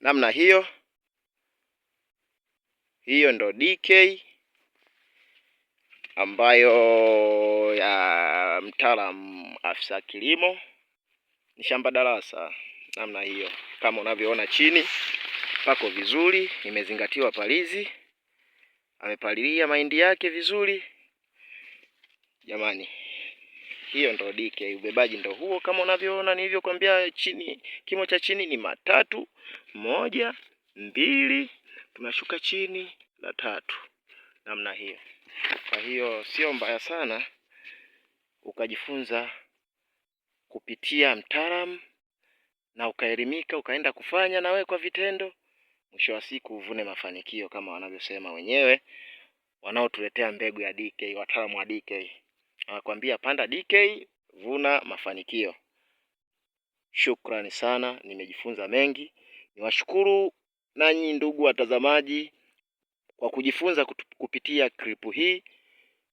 namna hiyo. Hiyo ndo DK ambayo ya mtaalamu afisa kilimo ni shamba darasa namna hiyo, kama unavyoona chini pako vizuri, imezingatiwa palizi, amepalilia mahindi yake vizuri jamani. Hiyo ndo DK, ubebaji ndo huo kama unavyoona nilivyokuambia. Chini kimo cha chini ni matatu, moja, mbili, tunashuka chini la tatu, namna hiyo. Kwa hiyo sio mbaya sana ukajifunza kupitia mtaalamu na ukaelimika, ukaenda kufanya na wewe kwa vitendo, mwisho wa siku uvune mafanikio kama wanavyosema wenyewe wanaotuletea mbegu ya DK, wataalamu wa DK anakwambia Panda DK, vuna mafanikio. Shukrani sana, nimejifunza mengi. Niwashukuru nanyi ndugu watazamaji kwa kujifunza kupitia klipu hii,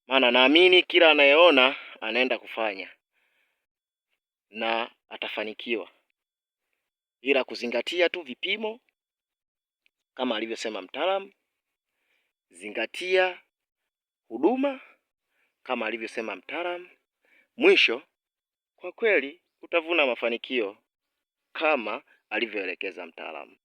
maana naamini kila anayeona anaenda kufanya na atafanikiwa, ila kuzingatia tu vipimo kama alivyosema mtaalamu, zingatia huduma kama alivyosema mtaalamu. Mwisho, kwa kweli utavuna mafanikio kama alivyoelekeza mtaalamu.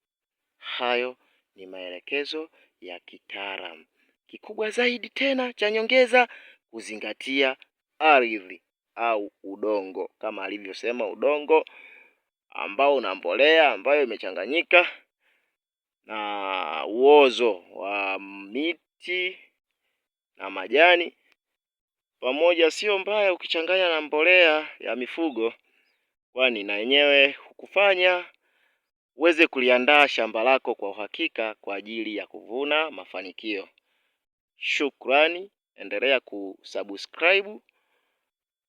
Hayo ni maelekezo ya kitaalamu. Kikubwa zaidi tena cha nyongeza, kuzingatia ardhi au udongo, kama alivyosema udongo ambao una mbolea ambayo imechanganyika na uozo wa miti na majani pamoja sio mbaya ukichanganya na mbolea ya mifugo, kwani na yenyewe hukufanya uweze kuliandaa shamba lako kwa uhakika kwa ajili ya kuvuna mafanikio. Shukrani, endelea kusubscribe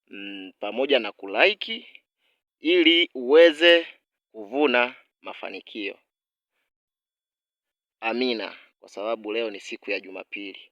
mm, pamoja na kulike ili uweze kuvuna mafanikio. Amina, kwa sababu leo ni siku ya Jumapili.